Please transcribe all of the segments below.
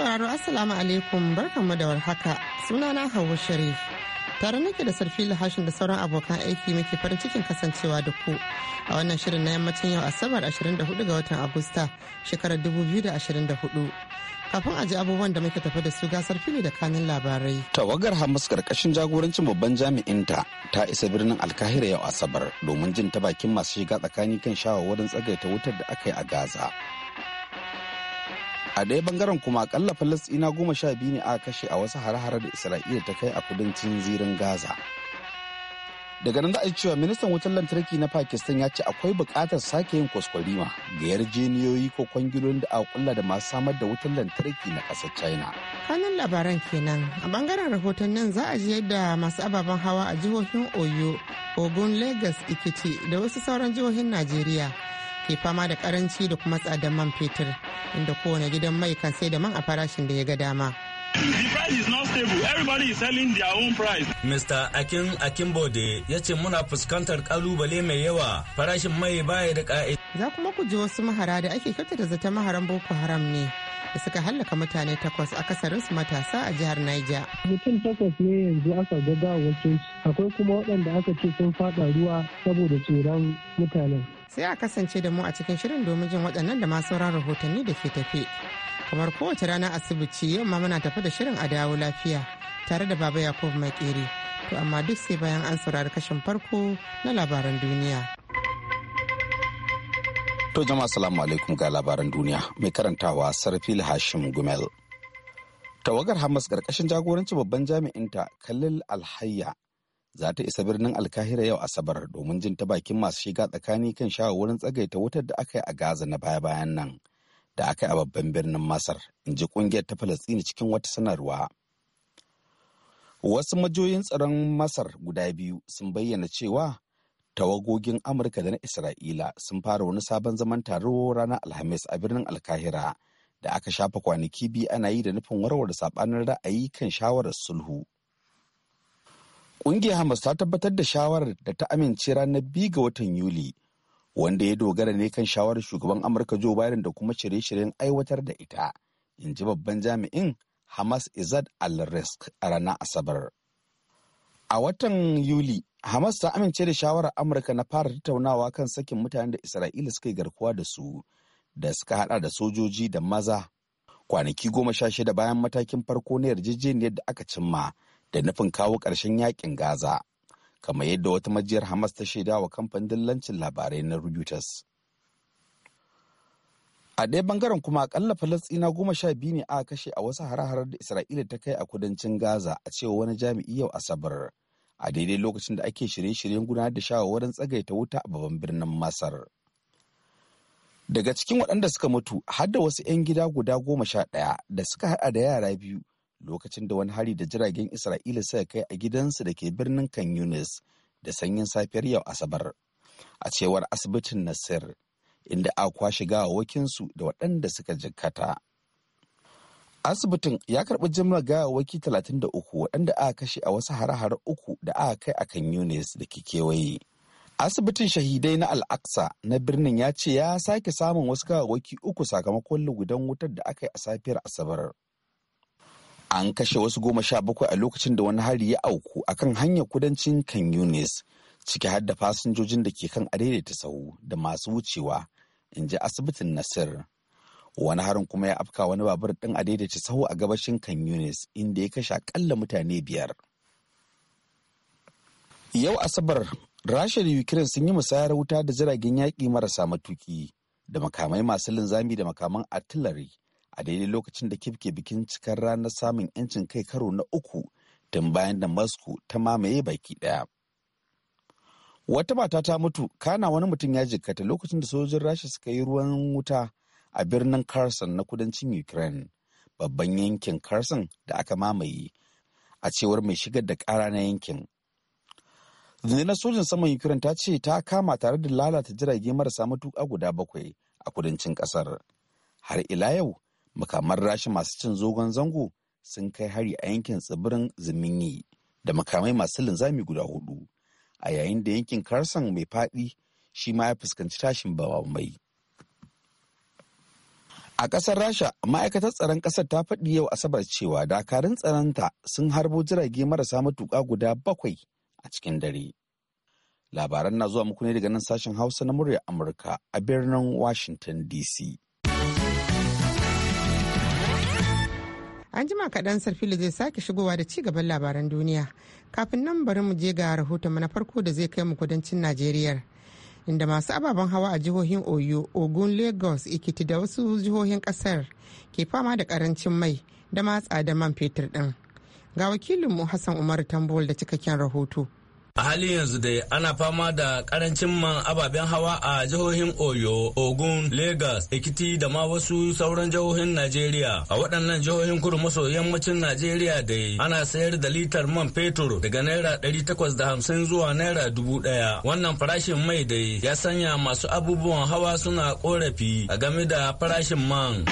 sauraro Assalamu alaikum barkanmu da warhaka sunana hawa Sharif. Tare nake da sarfi lahashin da sauran abokan aiki muke farin cikin kasancewa da ku a wannan shirin na yammacin yau Asabar 24 ga watan Agusta shekarar 2024. Kafin a ji abubuwan da muke tafi da su gasar fili da kanin labarai. Tawagar Hamas karkashin jagorancin babban jami'inta ta isa birnin Alkahira yau Asabar domin jin ta bakin masu shiga tsakani kan shawarwarin tsagaita wutar da aka yi a Gaza. a daya bangaren kuma akalla falastina goma sha biyu ne aka kashe a wasu hare-hare da isra'ila ta kai a kudancin zirin gaza daga nan za a yi cewa ministan wutar lantarki na pakistan ya ce akwai buƙatar sake yin kwaskwarima ga yarjeniyoyi ko kwangilolin da aka kulla da masu samar da wutar lantarki na ƙasar china kanun labaran kenan a bangaren rahoton nan za a ji yadda masu ababen hawa a jihohin oyo ogun lagos ikiti da wasu sauran jihohin najeriya ke fama da karanci da kuma tsadar man fetur inda kowane gidan mai kan sai da man a farashin da ya ga dama. Mr. Akin Akinbode ya ce muna fuskantar kalubale mai yawa farashin mai baya da ka'id. Za kuma ku ji wasu mahara da ake kyautata zata maharan Boko Haram ne da suka hallaka mutane takwas a kasarinsu matasa a jihar Niger. Mutum takwas ne yanzu aka gaga wakilci akwai kuma waɗanda aka ce sun faɗa ruwa saboda tsoron mutanen. sai a kasance da mu a cikin shirin domin jin waɗannan da ma sauran rahotanni da ke tafe kamar kowace rana asibiti yau ma muna tafi da shirin a dawo lafiya tare da baba yakubu makere to amma duk sai bayan an saurari kashin farko na labaran duniya to jama'a salamu alaikum ga labaran duniya mai karantawa sarfil hashim gumel tawagar hamas karkashin jagorancin babban jami'inta khalil alhayya za ta isa birnin alkahira yau asabar domin jin ta bakin masu shiga tsakani kan shawarwarin tsagaita wutar da aka yi a gaza na baya-bayan nan da aka yi a babban birnin masar in ji kungiyar ta falastini cikin wata sanarwa wasu majoyin tsaron masar guda biyu sun bayyana cewa tawagogin amurka da na isra'ila sun fara wani sabon zaman taro ranar alhamis a birnin alkahira da aka shafa kwanaki biyu ana yi da nufin warware saɓanin ra'ayi kan shawarar sulhu Ƙungiyar Hamas ta tabbatar da shawarar da ta amince ranar biyu ga watan Yuli, wanda ya dogara ne kan shawarar shugaban Amurka Joe Biden da kuma shirye-shiryen aiwatar da ita, in ji babban jami'in Hamas Izad al-Risk a ranar Asabar. A watan Yuli, Hamas ta amince da shawarar Amurka na fara tattaunawa kan sakin mutanen da Isra'ila suka yi garkuwa da su, da suka hada da sojoji da maza. Kwanaki goma sha shida bayan matakin farko na yarjejeniyar da aka cimma da nufin kawo ƙarshen yakin Gaza, kamar yadda wata majiyar Hamas ta shaida wa kamfanin dillancin labarai na Reuters. A ɗaya bangaren kuma akalla Falasɗina goma sha biyu ne aka kashe a wasu hare da Isra'ila ta kai a kudancin Gaza a cewa wani jami'i yau Asabar, a daidai lokacin da ake shirye-shiryen gudanar da shawarwarin tsagaita wuta a babban birnin Masar. Daga cikin waɗanda suka mutu har da wasu 'yan gida guda goma sha ɗaya da suka haɗa da yara biyu lokacin da wani hari da jiragen Isra'ila suka kai a gidansu da ke birnin Kan Yunis da sanyin safiyar yau Asabar. A cewar asibitin Nasir, inda a kwashe gawawakinsu da waɗanda suka jikkata. Asibitin ya karɓi jimlar gawawaki uku, waɗanda aka kashe a wasu hare-hare uku da aka kai a Kan Yunis da ke kewaye. asibitin shahidai na Al-Aqsa na birnin ya ce ya sake samun wasu gawawaki uku sakamakon lugudan wutar da aka yi a safiyar asabar an kashe wasu goma sha bakwai a lokacin da wani hari ya auku a kan hanyar kudancin kan yunis ciki har da fasinjojin da ke kan adaidaita sahu da masu wucewa in ji asibitin nasir wani harin kuma ya afka wani babur ɗin adaidaita sahu a gabashin kan yunis inda ya kashe akalla mutane biyar yau asabar rasha da ukraine sun yi musayar wuta da jiragen yaƙi marasa matuki da makamai masu linzami da makaman artillery a daidai lokacin da kif ke bikin cikar ranar samun 'yancin kai karo na uku tun bayan da masku ta mamaye baki daya wata mata ta mutu kana wani mutum ya jikata lokacin da sojin rasha suka yi ruwan wuta a birnin Carson na kudancin ukraine babban yankin Carson da aka mamaye a cewar mai shigar da kara na yankin na sojin saman ukraine ta ce ta kama tare da lalata jirage marasa matuka guda bakwai a kudancin ƙasar har ila yau makaman rashi masu cin zogon zango sun kai hari a yankin tsibirin zimini da makamai masu linzami guda hudu a yayin da yankin karsan mai faɗi shi ma ya fuskanci tashin mai. a ƙasar rasha ma'aikatar tsaron ƙasar ta faɗi yau asabar cewa dakarun tsaronta sun harbo jirage marasa matuƙa guda bakwai a cikin dare labaran na zuwa muku ne daga nan sashen hausa na murya amurka a birnin washington dc an jima kaɗan sarfili zai sake shigowa da ci gaban labaran duniya kafin nan bari mu je ga rahoton na farko da zai kai mu kudancin najeriya inda masu ababen hawa a jihohin oyo ogun lagos ikiti da wasu jihohin kasar ke fama da karancin mai da matsa da man fetur din ga wakilinmu hassan umaru tambol da cikakken rahoto a halin yanzu dai ana fama da karancin man ababen hawa a jihohin oyo ogun lagos ekiti da ma wasu sauran jihohin najeriya a waɗannan jihohin kudu maso yammacin najeriya dai ana sayar da litar man fetur daga naira ɗari takwas da hamsin zuwa naira dubu ɗaya wannan farashin mai dai ya sanya masu abubuwan hawa suna korafi a game da farashin man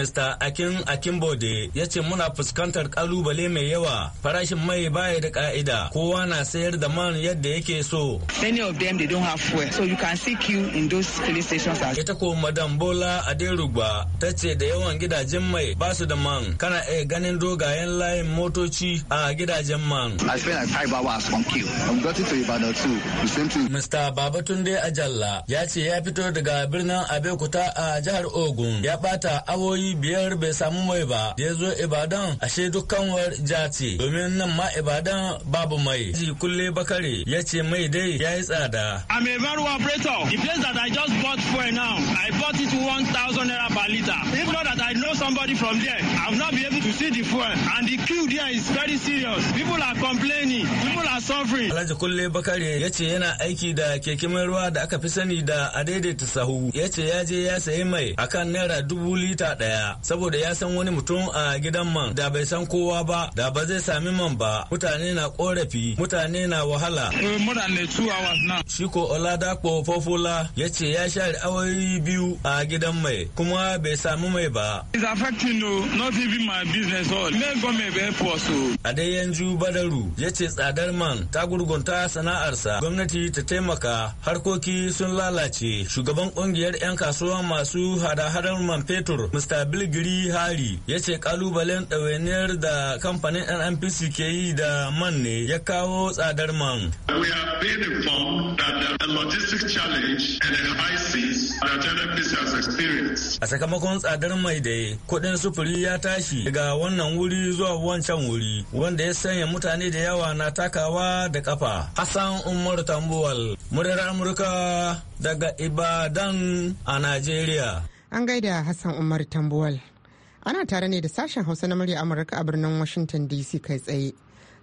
Mr. Akin Akinbode ya ce muna fuskantar kalubale mai yawa farashin mai baya da ka'ida kowa na sayar da man yadda yake so many of them they don't have fuel so you can see queue in those filling stations as ita ko madam bola aderugba ta ce da yawan gidajen mai basu su da man kana iya ganin dogayen layin motoci a gidajen man i spent like five hours on queue i'm got to ibadan too the same thing mr babatunde ajalla ya ce ya fito daga birnin abeokuta a jihar ogun ya bata awoyi biyar bai samu mai ba da ya zo ibadan ashe dukkan kanwar ce domin nan ma ibadan babu mai ji kulle bakare ya ce mai dai ya yi tsada i'm a very operator the place that i just bought for now i bought it 1000 naira per liter if not that i know somebody from there i've not been able to see the fuel and the queue there is very serious people are complaining people are suffering alhaji kulle bakare ya ce yana aiki da keke mai ruwa da aka fi sani da a daidaita sahu ya ce ya je ya sayi mai akan naira dubu lita daya saboda ya san wani mutum a gidan man da bai san ko kowa ba da ba zai sami man ba mutane na korafi mutane na wahala eh, shiko ko oladapo fofola ya ce ya share awoyi biyu a gidan mai kuma bai sami mai ba a dai yanzu badaru ya ce tsadar man ta gurgunta sana'arsa gwamnati ta taimaka harkoki sun lalace shugaban kungiyar 'yan kasuwa masu hada-hadar man fetur mr bilgiri hari ya ce kalubalen ɗawainiyar da da kamfanin nnpc ke yi da man ne ya kawo tsadar man a sakamakon tsadar mai da kudin sufuri ya tashi daga wannan wuri zuwa wancan wuri wanda ya sanya mutane da yawa na takawa da kafa hassan umar tambuwal murar amurka daga ibadan a najeriya an gaida hassan umar tambuwal ana tare ne da sashen hausa na murya amurka a birnin washington dc kai tsaye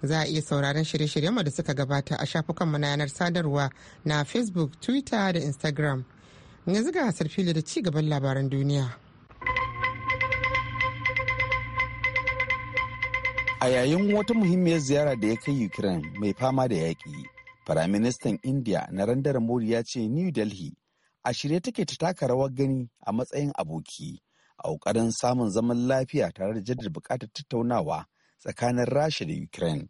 za a iya sauraron shirye-shiryenmu da suka gabata a shafukanmu na yanar sadarwa na facebook twitter da instagram yanzu ga sarfili da ci gaban labaran duniya a yayin wata muhimmiyar ziyara da ya kai ukraine mai fama da yaƙi firaministan india narendra modi ya ce new delhi a shirye take ta taka rawar gani a matsayin aboki a ƙoƙarin samun zaman lafiya tare da jaddada buƙatar tattaunawa tsakanin rasha da ukraine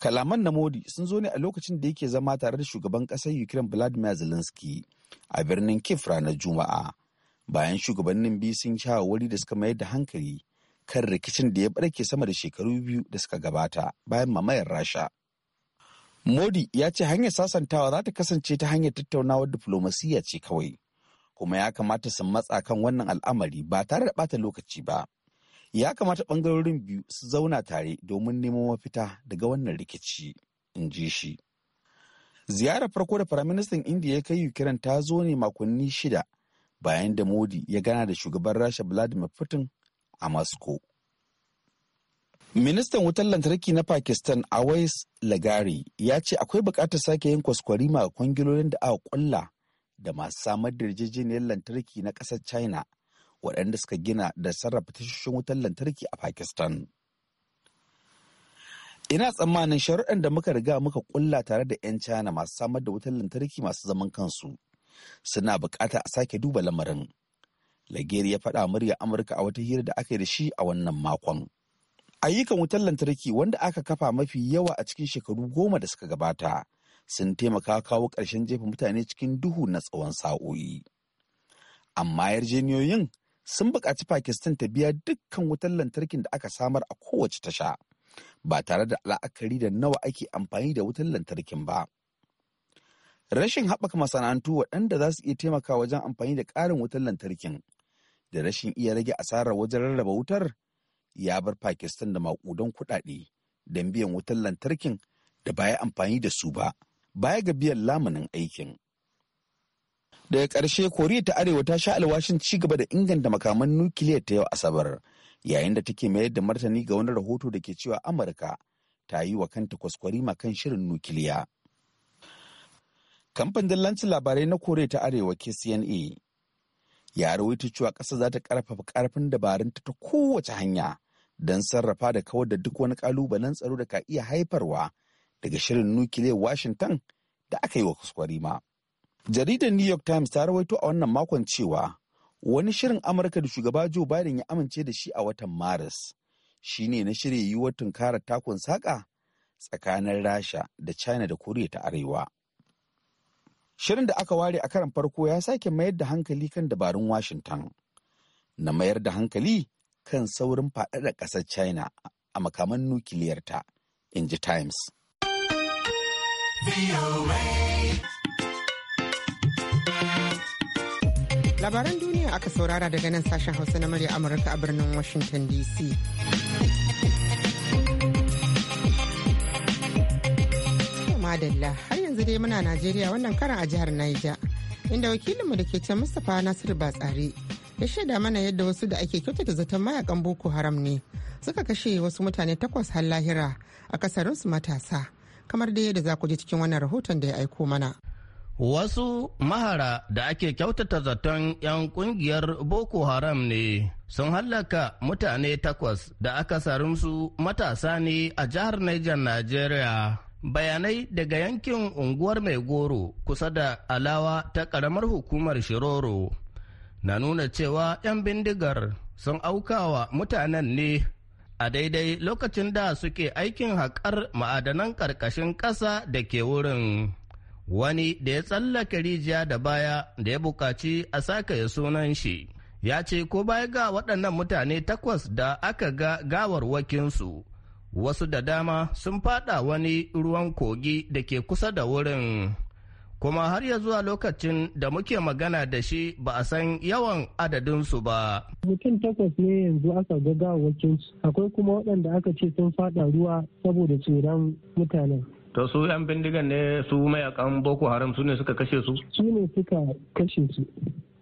kalaman na modi sun zo ne a lokacin da yake zama tare da shugaban ƙasar ukraine vladimir zelensky a birnin kif ranar juma'a bayan shugabannin biyu sun wuri da suka mayar da hankali kan rikicin da ya barke sama da shekaru biyu da suka gabata bayan mamayar rasha modi ya ce hanyar sasantawa za ta kasance ta hanyar tattaunawar diflomasiyya ce kawai kuma ya kamata su matsa kan wannan al'amari ba tare da bata lokaci ba. Ya kamata ɓangarorin biyu su zauna tare domin neman mafita daga wannan rikici, in ji shi. Ziyarar farko da Firaministan Indiya ya kai Ukraine ta zo ne makonni shida bayan da Modi ya gana da shugaban Rasha Vladimir Putin a Moscow. Ministan wutar lantarki na Pakistan Awais Lagari ya ce akwai buƙatar sake yin kwaskwarima ma kwangilolin da aka kulla da masu samar da yarjejeniyar lantarki na ƙasar china waɗanda suka gina da sarrafa tashoshin wutar lantarki a pakistan ina tsammanin sharuɗan da muka riga muka ƙulla tare da 'yan china masu samar da wutar lantarki masu zaman kansu suna buƙata a sake duba lamarin lageri ya faɗa murya amurka a wata hira da aka yi da shi a wannan makon ayyukan wutar lantarki wanda aka kafa mafi yawa a cikin shekaru goma da suka gabata sun taimaka kawo ƙarshen jefa mutane cikin duhu na tsawon sa'o'i. Amma yarjeniyoyin sun buƙaci Pakistan ta biya dukkan wutar lantarkin da aka samar a kowace tasha, ba tare da la'akari da nawa ake amfani da wutar lantarkin ba. Rashin haɓaka masana'antu waɗanda za su iya taimaka wajen amfani da ƙarin wutar lantarkin da rashin iya rage asarar wajen rarraba wutar ya bar Pakistan da maƙudan kuɗaɗe don biyan wutar lantarkin da ba ya amfani da su ba baya ga biyan lamunin aikin. Daga ƙarshe Koriya ta Arewa ta sha alwashin ci gaba da inganta makaman nukiliya ta yau Asabar yayin da take mayar da martani ga wani rahoto da ke cewa Amurka ta yi wa kanta kwaskwarima kan shirin nukiliya. Kamfanin dillancin labarai na Koriya ta Arewa KCNA ya rawaito cewa ƙasa za ta ƙarfafa ƙarfin dabarunta ta kowace hanya don sarrafa da kawar da duk wani ƙalubalen tsaro da ka iya haifarwa daga shirin nukiliyar Washington da aka yi wa ma. Jaridar New York Times ta rawaito a wannan makon cewa wani shirin Amurka da shugaba Joe Biden ya amince da shi a watan Maris shi ne na shirya yi watan tunkarar takun saƙa tsakanin Rasha da China da Koriya ta Arewa. Shirin da aka ware a karan farko ya sake mayar da hankali kan dabarun Washington na mayar da hankali kan saurin faɗaɗa ƙasar China a makaman nukiliyarta, in ji Times. Labaran duniya aka saurara daga nan sashen Hausa na murya Amurka a birnin Washington DC. Madalla har yanzu dai muna Najeriya wannan karan a jihar Niger inda wakilinmu da ke can Mustapha Nasiru Batsari ya shaida mana yadda wasu da ake kyautata zaton mayakan Boko Haram ne suka kashe wasu mutane takwas har lahira a kasarinsu matasa. kamar da yadda za ku ji cikin wannan rahoton da ya aiko mana. Wasu mahara da ake kyautata zaton 'yan kungiyar Boko Haram ne sun hallaka mutane takwas da aka sarumsu matasa ne a jihar Niger Najeriya. Bayanai daga yankin unguwar Mai Goro kusa da alawa ta ƙaramar hukumar Shiroro na nuna cewa 'yan bindigar sun aukawa mutanen ne a daidai lokacin da suke aikin haƙar ma'adanan ƙarƙashin ƙasa da ke wurin. Wani da ya tsallake rijiya da baya da ya buƙaci a saka ya sunan shi, ya ce ko baya ga waɗannan mutane takwas da aka ga gawarwakinsu, wasu da dama sun faɗa wani ruwan kogi da ke kusa da wurin. kuma har ya zuwa lokacin da muke magana da shi ba a san yawan adadinsu ba. Mutum takwas ne yanzu aka ga gawakinsu, akwai kuma waɗanda aka ce sun fada ruwa saboda tsoron mutanen. to su yan bindigan ne su mayakan boko haram su ne suka kashe su su ne suka kashe su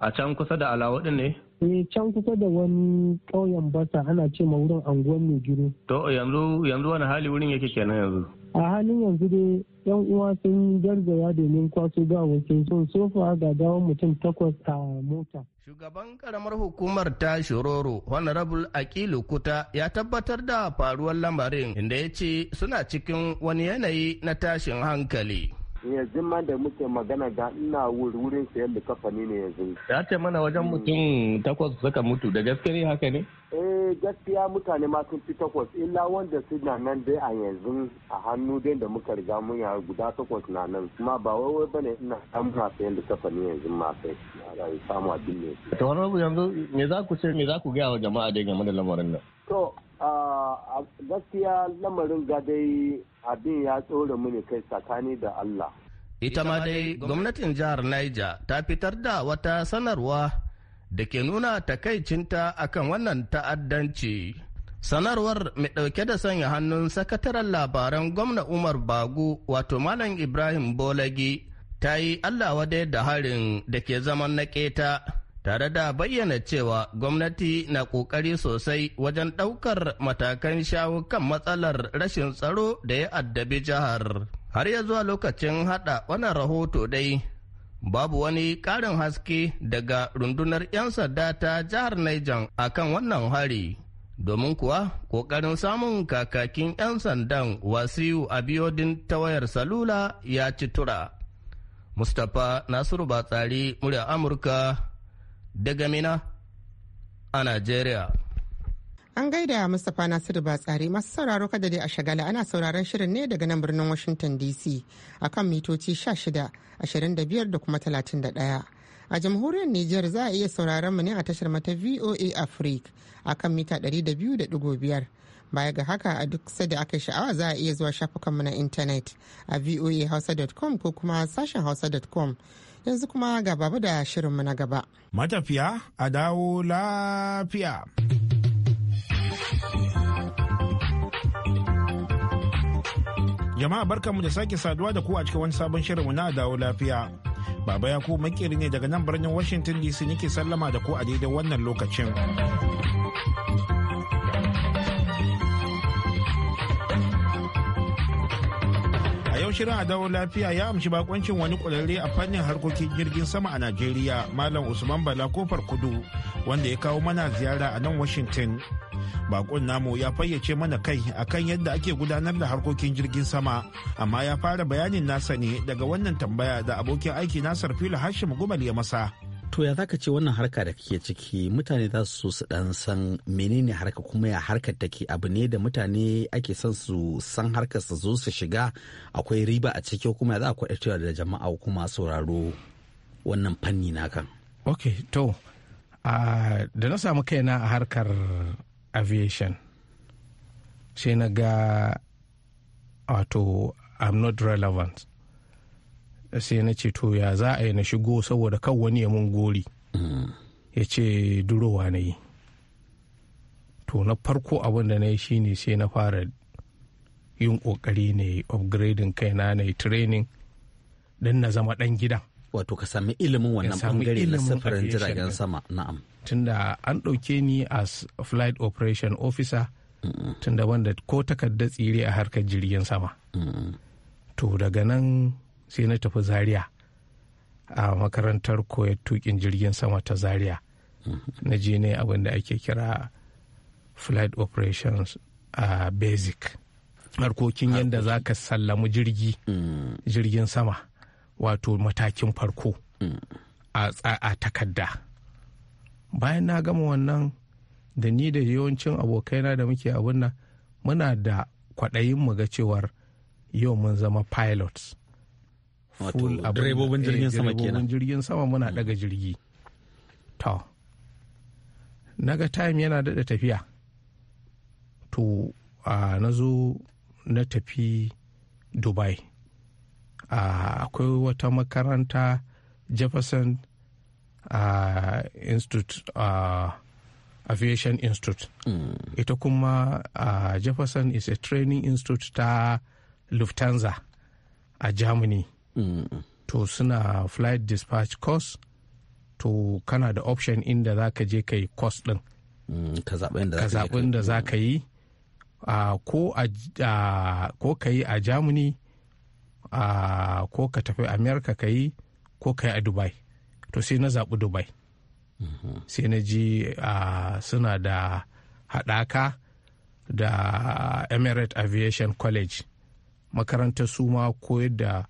a can kusa da alawadin ne E, can kusa da wani ƙauyen basa ana ce ma wurin anguwan mai to yanzu yanzu wani hali wurin yake kenan yanzu a halin yanzu dai yan uwa sun garzaya domin kwaso gawakin sun sofa ga gawan mutum takwas a mota. Shugaban karamar hukumar ta Shororo, Honorable Akilu Kuta ya tabbatar da faruwar lamarin inda ya ce suna cikin wani yanayi na tashin hankali. yanzu ma da muke magana ga ina wurin sayan da kafani ne yanzu ya ce mana wajen hmm. mutum takwas suka mutu da gaske ne haka ne eh gaskiya mutane ma sun fi takwas illa wanda na nan dai a yanzu a hannu dai da muka riga mun ya guda takwas na nan kuma ba wai wai bane ina an ba sayan da kafani yanzu ma sai samu abin ne to wani yanzu me za ku ce me za ku gaya wa jama'a dai game da lamarin nan to a gaskiya lamarin ga abin ya tsore mini kai tsakani da Allah. Ita ma dai gwamnatin jihar Niger ta fitar da wata sanarwa da ke nuna takaicinta akan wannan ta'addanci. Sanarwar mai ɗauke da sanya hannun sakataren labaran gwamna Umar Bago wato Malam Ibrahim Bolagi ta yi Allah wadai da harin da ke zaman na ƙeta. tare da bayyana cewa gwamnati na ƙoƙari sosai wajen ɗaukar matakan shawo kan matsalar rashin tsaro da ya addabi jihar. Har ya zuwa lokacin haɗa wannan rahoto dai, babu wani ƙarin haske daga rundunar 'yan sanda ta jihar Niger akan wannan hari. Domin kuwa ƙoƙarin samun kakakin 'yan sandan wasiyu a biyodin ta wayar salula ya ci tura. Mustapha Nasiru Batsari, murya Amurka, daga Mina a Najeriya. An gaida Mustapha Nasiru Batsari masu sauraro kada dai a shagala ana sauraron shirin ne daga nan birnin Washington DC a kan mitoci 16, ashirin da kuma 31. a jamhuriyar Nijar za a iya sauraron mu ne a tashar mata VOA Africa a kan mita 200.5 baya ga haka a duk sada aka sha'awa za a iya zuwa shafukanmu na intanet a voahausa.com ko kuma sashen hausa.com yanzu kuma ga baba da shirinmu na gaba. Matafiya a dawo lafiya. Jama'a barkanmu da sake saduwa da ku a cikin wani sabon shirinmu na dawo lafiya. Baba ya Yakubu makeri ne daga nan birnin Washington DC nake sallama da ku a daidai wannan lokacin. Yau shirin a lafiya ya amshi bakoncin wani kwararre a fannin harkokin jirgin sama a Najeriya, Malam Usman Bala Kofar Kudu, wanda ya kawo mana ziyara a nan Washington. Bakon namu ya fayyace mana kai akan yadda ake gudanar da harkokin jirgin sama, amma ya fara bayanin nasa ne daga wannan tambaya da abokin aiki Nasar Filo Hashim Gumal ya masa. To ya zaka ce wannan harka da kake ciki mutane za su su dan san menene harka kuma ya harkar take abu ne da mutane ake son su san harkar su zo su shiga akwai riba a ciki kuma ya za a kwadatarwa da jama'a kuma sauraro wannan fanni naka. Ok to da na samu kaina a harkar aviation sai na ga wato I'm not relevant sai na ce to ya za a yi na shigo saboda kan wani ya mun gori ya ce durowa na yi to na farko abin da na yi shine sai na fara yin kokari ne upgrading kaina na yi training don na zama dan gidan wato ka sami ilimin wannan bangare na safarin jiragen sama na'am tunda an ɗauke ni as flight operation officer tunda wanda ko takardar tsire a harkar jirgin sama to daga nan sai na tafi zaria a makarantar koya tukin jirgin sama ta zaria na je ne abin da ake kira flight operations a basic harkokin yadda za ka sallamu jirgi jirgin sama wato matakin farko a takarda bayan na gama wannan da ni da yawancin abokaina da muke abin nan muna da kwaɗayin mu ga cewar yau mun zama pilots direbobin jirgin eh, sama kenan jirgin sama muna daga hmm. jirgi to naga time yana daɗa tafiya to a na zo na tafi dubai akwai wata makaranta jefferson institute aviation institute hmm. ita kuma jefferson is a training institute ta lufthansa a germany to suna flight dispatch course to kana da option inda za ka je ka yi course din mm, ka zaɓi inda za ka yi ko ka yi a germany ko ka tafi america ka yi ko ka yi a dubai to sai na zaɓi dubai mm-hmm. sai na ji suna da haɗaka da emirate aviation college makarantar suma ma koyar da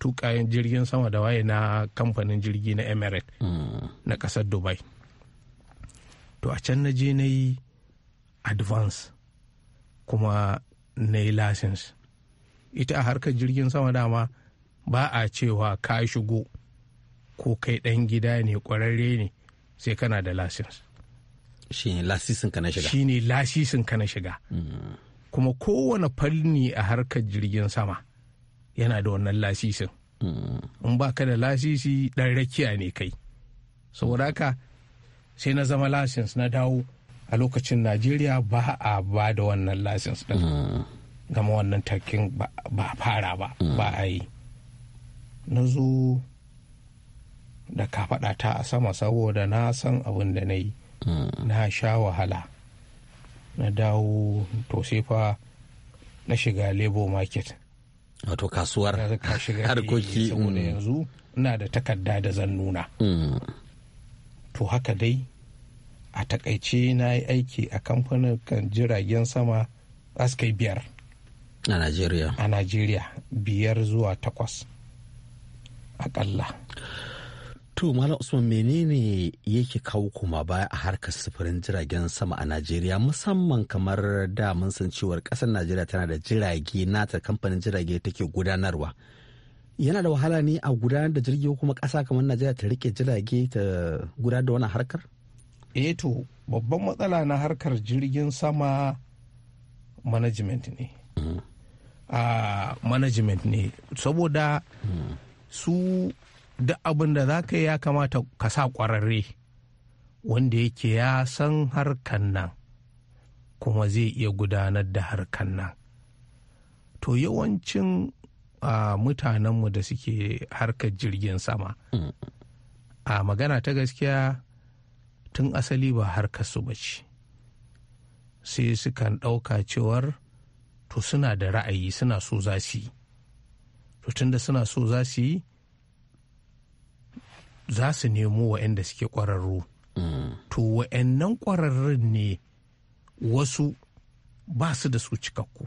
tukayen jirgin sama da waye na kamfanin jirgi na emirate hmm. na kasar dubai to a can na je na yi advance kuma na yi license ita a harkar jirgin sama dama ba a cewa ka shigo ko kai ɗan gida ne kwararre ne sai kana da license shi ne lasisin ka na shiga hmm. kuma kowane fanni a harkar jirgin sama yana da wannan lasisin in ba ka da lasisi ɗan rakiya ne kai saboda haka sai na zama lasins na dawo a lokacin najeriya ba a ba da wannan lasins ɗin gama wannan takin ba a fara ba ba a yi na zo da faɗa ta a sama saboda na san abin da na yi na sha wahala na dawo to sai fa na shiga labor market wato kasuwar harkoki saboda mm. yanzu ina da takarda da zan nuna mm. to haka dai a takaice na yi aiki a kamfanin kan jiragen sama askai biyar a najeriya a najeriya biyar zuwa takwas akalla To Malam Usman menene yake kawo kuma baya a harkar sufurin jiragen sama a Najeriya musamman kamar da mun san cewar kasar Najeriya tana da jirage nata kamfanin jirage take gudanarwa. Yana da wahala ne a gudanar da jirgi kuma kasa kamar Najeriya ta rike jirage ta gudanar da wannan harkar? Eh to babban matsala na harkar jirgin sama management ne. Mm. a ah, management ne saboda mm. su duk abin da za ka yi ya kamata ka sa ƙwararre wanda yake ya san harkan nan kuma zai iya gudanar da harkan nan to yawancin mutanenmu da suke harkar jirgin sama a magana ta gaskiya tun asali ba harkar su ba ce sai sukan ɗauka cewar to suna da ra'ayi suna so za su yi to tunda suna so za su yi za su nemo waɗanda suke ƙwararru to waɗannan ƙwararrun ne wasu ba su da su cikakku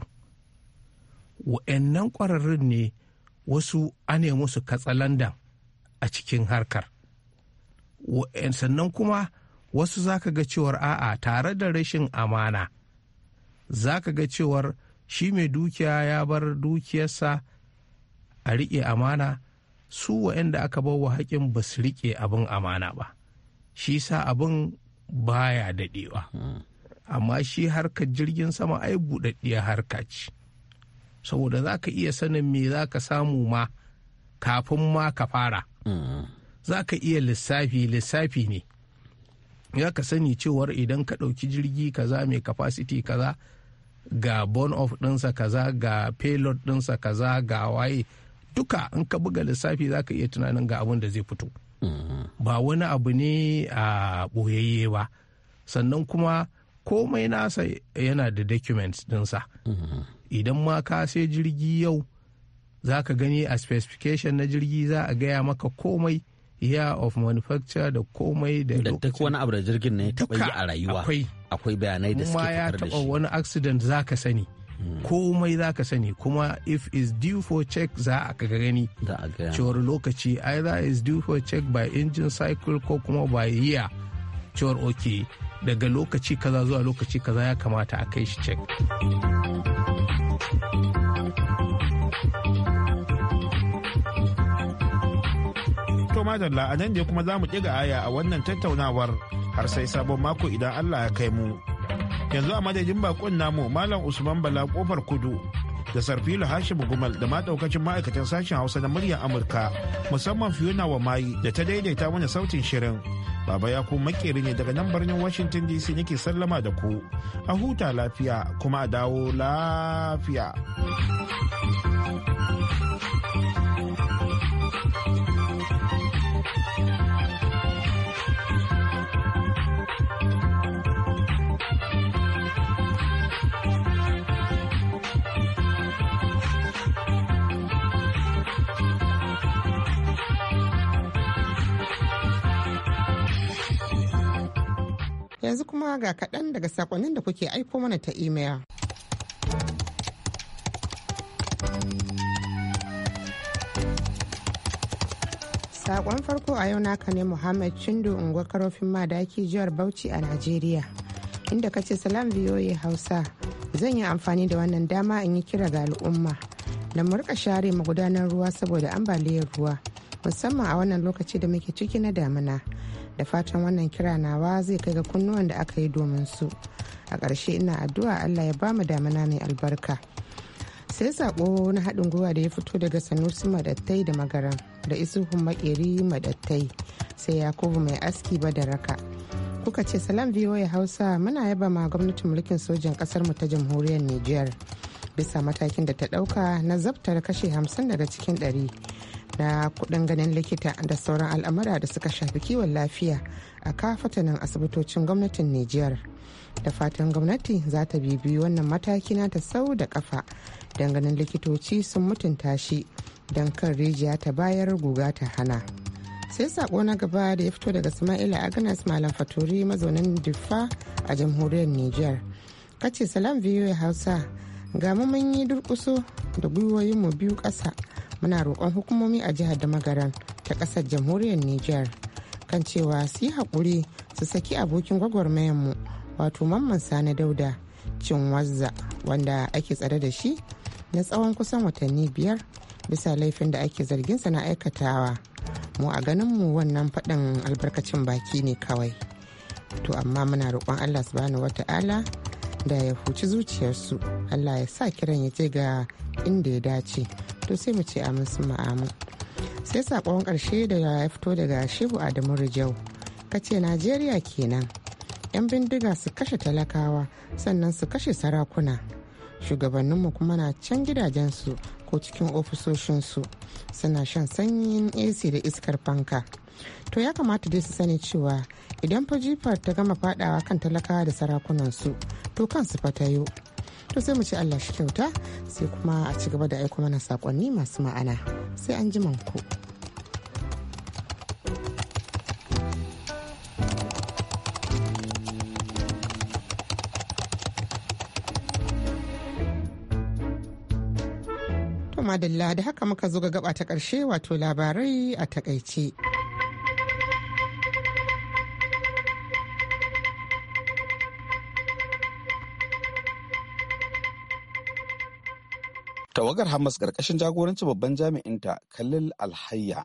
waɗannan ƙwararrun ne wasu a nemi su katsalandan a cikin harkar sannan kuma wasu za ka ga cewar a'a tare da rashin amana za ka ga cewar shi mai dukiya ya bar dukiyarsa a riƙe amana su wa'anda aka bar wa haƙin ba su riƙe abin amana ba shi sa abin baya daɗewa amma shi harkar jirgin sama ai buɗaɗɗiya harka ce saboda za ka iya sanin me za ka samu ma kafin ma ka fara za ka iya lissafi lissafi ne ya ka sani cewar idan ka ɗauki jirgi kaza mai capacity kaza ga born of ɗinsa kaza ga payload ɗinsa kaza ga waye duka in ka buga lissafi za ka iya tunanin ga abin da zai fito mhm. ba wani abu ne a ɓoyayye ba sannan kuma komai nasa yana da documents dinsa mhm. idan ma ka sai jirgi yau za ka gani a specification na jirgi za a gaya maka komai year of manufacture da komai da duk wani abu da jirgin ne ya taɓa yi a rayuwa akwai bayanai da suke da shi ya taɓa wani accident za ka sani komai za ka sani kuma if is due for check za a ka gani cewar lokaci either is due for check by engine cycle ko kuma by year cewar ok daga lokaci kaza zuwa lokaci kaza ya kamata a kai shi check to madalla a nan ne kuma za mu ɗiga aya a wannan tattaunawar har sai sabon mako idan allah ya kai mu yanzu a madadin bakon namu malam usman bala kofar kudu da sarfilu hashim gumal da ma daukacin ma'aikatan sashen hausa na muryar amurka musamman fiona wa mayi da ta daidaita mana sautin shirin baba ya ku makeri ne daga nan birnin washington dc nake sallama da ku a huta lafiya kuma a dawo lafiya yanzu kuma ga kaɗan daga sakonnin da kuke aiko mana ta imel. Sakon farko a yau naka ne Muhammad chindu unguwa karofin madaki jihar Bauchi a Najeriya. Inda ka ce salam biyoyi Hausa zan yi amfani da wannan dama in yi kira ga al'umma da murka rika share magudanar ruwa saboda ambaliyar ruwa musamman a wannan lokaci da muke ciki na damina. da fatan wannan kira nawa zai kai ga kunnuwan da aka yi domin su a ƙarshe ina addu'a allah ya ba mu damana mai albarka sai sako na haɗin gwiwa da ya fito daga sanusi madattai da magaran da isuhun makeri madattai sai yakubu mai aski ba da raka kuka ce salam ya hausa muna yaba ma gwamnatin mulkin sojin kasar mu ta jamhuriyar niger bisa matakin da ta ɗauka na zabtar kashe hamsin daga cikin ɗari. na kudin ganin likita da sauran al'amura da suka shafi kiwon lafiya a kafatanin asibitocin gwamnatin Nijiyar. Da fatan gwamnati za ta bibiyi wannan matakina ta sau da kafa ganin likitoci sun mutunta shi don kan rijiya ta bayar guga ta hana. sai sako na gaba da ya fito daga sama'ila agnes malam faturi mazaunin diffa a jamhuriyar niger kace salam ya hausa ga mun yi durkuso da gwiwoyinmu biyu ƙasa muna roƙon hukumomi a jihar da magaran ta ƙasar jamhuriyar niger kan cewa su yi haƙuri su saki abokin gwagwarmayanmu wato mamman sani dauda cin wazza wanda ake tsare da shi na tsawon kusan watanni biyar bisa laifin da ake zargin sa na aikatawa mu a ganinmu wannan faɗin albarkacin baki ne kawai to amma muna roƙon allah su bani wata ala da ya huci zuciyarsu allah ya sa kiran ya je ga inda ya dace to sai mu ce a musu ma'amu sai sakon karshe da ya fito daga shehu adamu rijau ka ce najeriya kenan yan bindiga su kashe talakawa sannan su kashe sarakuna shugabanninmu kuma na can gidajensu ko cikin ofisoshinsu suna shan sanyin ac da iskar fanka to ya kamata dai su sani cewa idan fa jifar ta gama fadawa kan talakawa da sarakunansu to kansu fatayo to sai mu ci allah shi kyauta sai kuma a ci gaba da aiko mana sakonni masu ma'ana sai an ji ku. madalla da haka muka zo ga gaba ta ƙarshe wato labarai a takaice. Tawagar Hamas ƙarƙashin jagorancin babban jami'inta Khalil Alhayya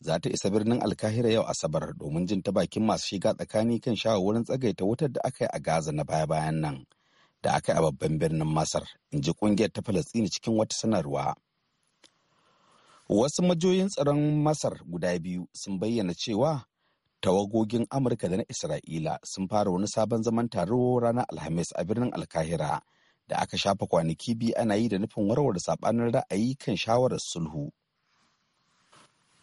za ta isa birnin Alkahira yau Asabar domin jin ta bakin masu shiga tsakani kan shawarwarin tsagaita wutar da aka yi a Gaza na baya-bayan nan da aka yi a babban birnin Masar, in ji ƙungiyar ta Falastini cikin wata sanarwa. Wasu majoyin tsaron Masar guda biyu sun bayyana cewa tawagogin Amurka da na Isra'ila sun fara wani sabon zaman taro ranar Alhamis a birnin Alkahira. da aka shafa kwanaki biyu ana yi da nufin warware saɓanin ra'ayi kan shawarar sulhu.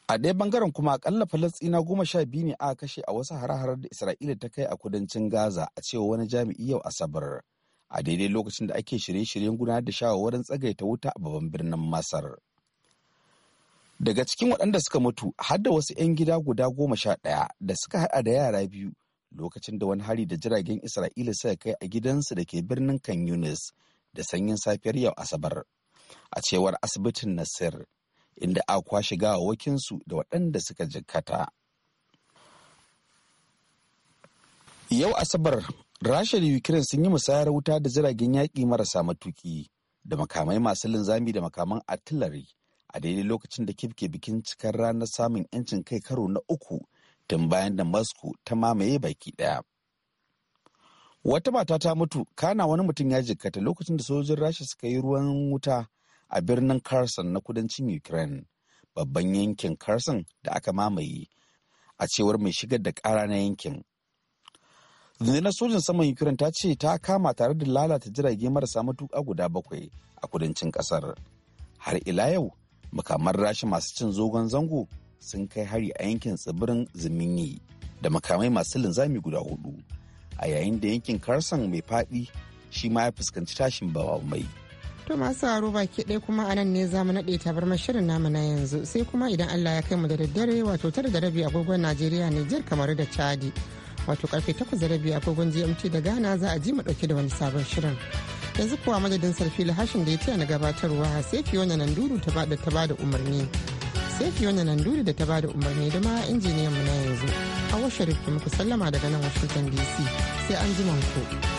A ɗaya bangaren kuma akalla Falasɗina goma sha biyu ne aka kashe a wasu hare da Isra'ila ta kai a kudancin Gaza a cewa wani jami'i yau Asabar. A daidai lokacin da ake shirye-shiryen gudanar da shawarwarin tsagaita wuta a babban birnin Masar. Daga cikin waɗanda suka mutu har da wasu 'yan gida guda goma sha ɗaya da suka haɗa da yara biyu lokacin da wani hari da jiragen Isra'ila suka kai a gidansu da ke birnin Kan Yunis da sanyin safiyar yau Asabar. A cewar asibitin Nasir, inda a kwashe gawawakinsu da waɗanda suka jikata. Yau Asabar, Rasha da Ukraine sun yi musayar wuta da jiragen yaƙi marasa matuki da makamai masu linzami da makaman artillery a daidai lokacin da kif ke bikin cikar ranar samun 'yancin kai karo na uku tun bayan da masku ta mamaye baki ɗaya. Wata mata ta mutu, kana wani mutum ya jikkata lokacin da sojin Rasha suka yi ruwan wuta a birnin karson na kudancin Ukraine, babban yankin karson da aka mamaye, a cewar mai shigar da kara na yankin. na sojin saman Ukraine ta ce ta kama tare da lalata jirage marasa matuƙa guda bakwai a kudancin ƙasar. Har ila yau, makaman Rasha masu cin zogon zango sun kai hari a yankin tsibirin zimini da makamai masu linzami guda hudu a yayin da yankin karsan mai fadi shi ma ya fuskanci tashin bawa mai. To masu aro baki ɗaya kuma a nan ne za mu naɗe tabar shirin namu na yanzu sai kuma idan Allah ya kai mu da daddare wato tara da rabi agogon Najeriya Nijar kamar da Chadi wato karfe takwas da rabi agogon GMT da Ghana za a ji mu ɗauki da wani sabon shirin. Yanzu kuwa madadin sarfi lahashin da ya taya na gabatarwa sai fiye wani nan duru ta bada umarni. sai fiona nan duri da ta ba da umarni da ma injiniyan mu na yanzu a washe da muku sallama daga nan washington dc sai an ji ku.